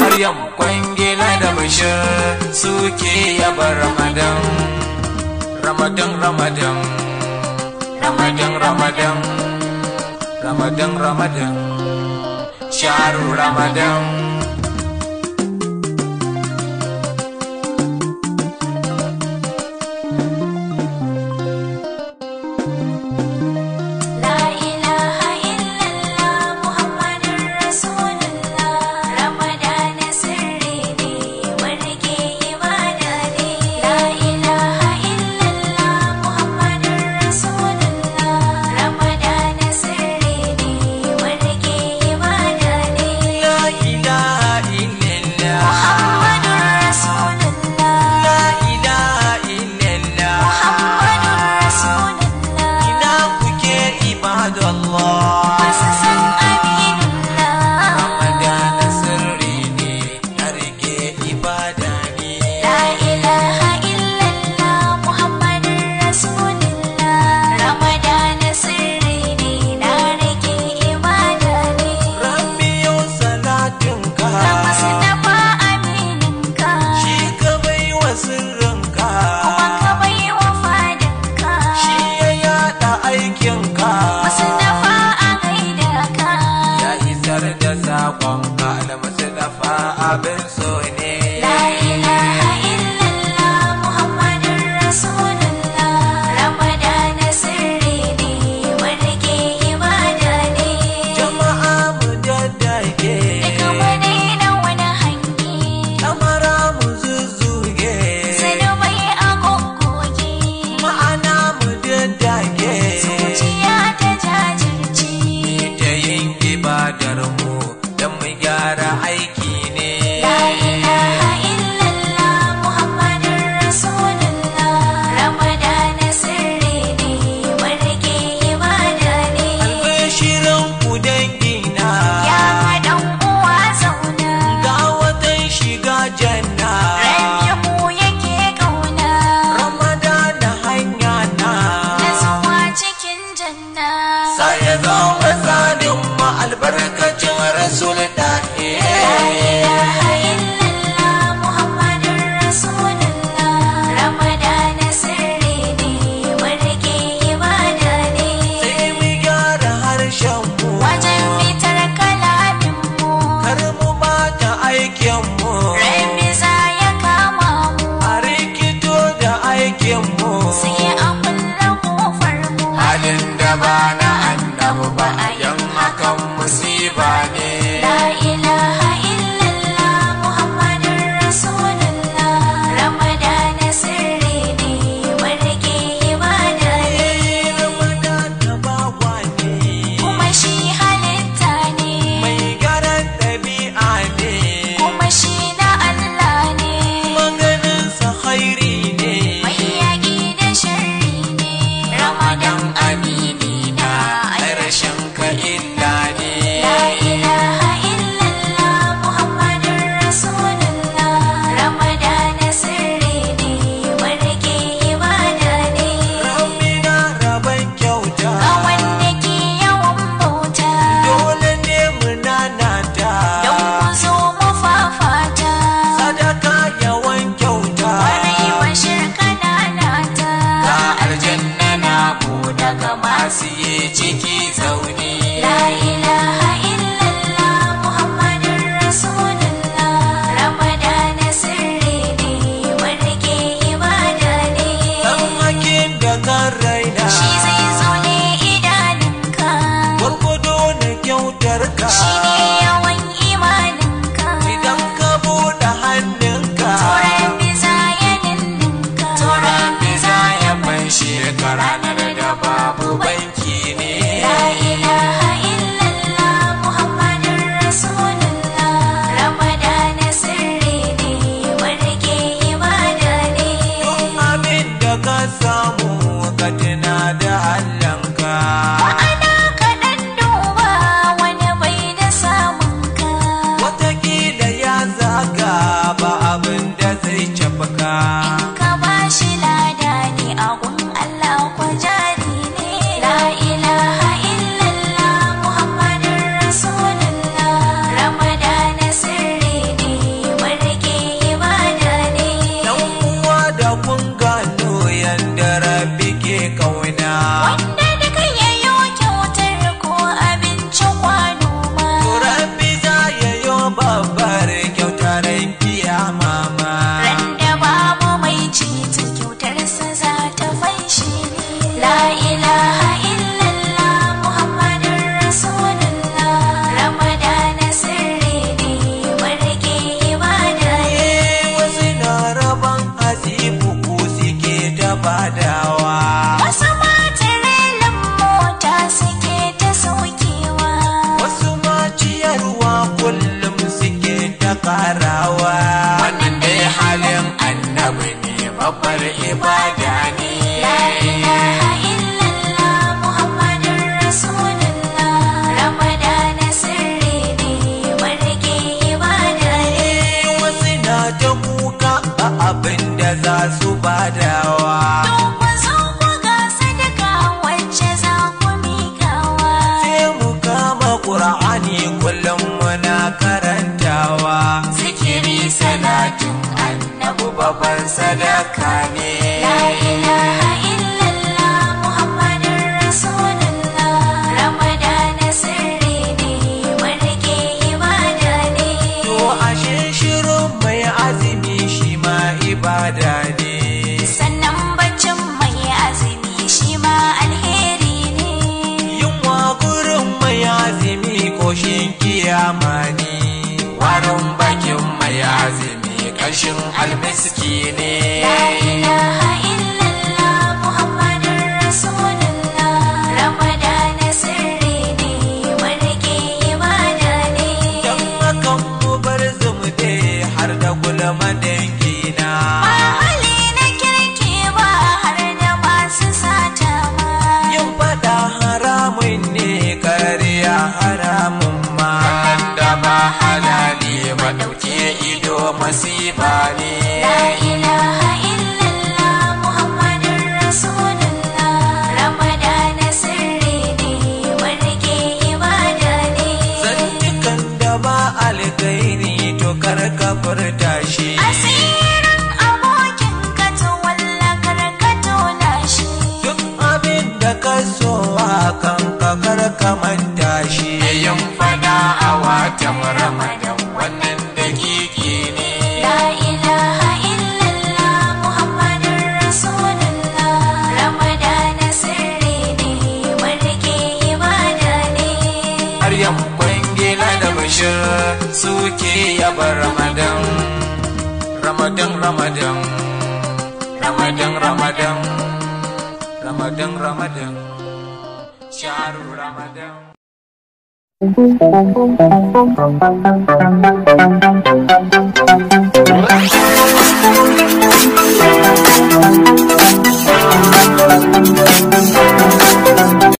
Maryam kwangila da bashir suke yaba Ramadan, Ramadan, Ramadan, Ramadan, Ramadan, Ramadan, Ramadan, Sharu Ramadan. tiempo. kamar su yi ciki farawa wannan halin annabi ne babbar ibada ne la ilaha illallah muhammadun rasulullah ramadan sirri ne marke ibada ne eh, wasu na ta kuka ba abin da za su badawa salatin annabu babban sadaka ne la ilaha illallah muhammadin rasulullah ramadana sirri ne marke ibada ne to a ashe shirin mai azumi shi ma ibada yau ramadan wannan dakiki ne la ilaha illallah muhammadun rasulullah ramadan sirri ne marke ibada ne da bashir suke yaba ramadan ramadan ramadan ramadan ramadan ramadan ramadan shahrul ramadan Thank you.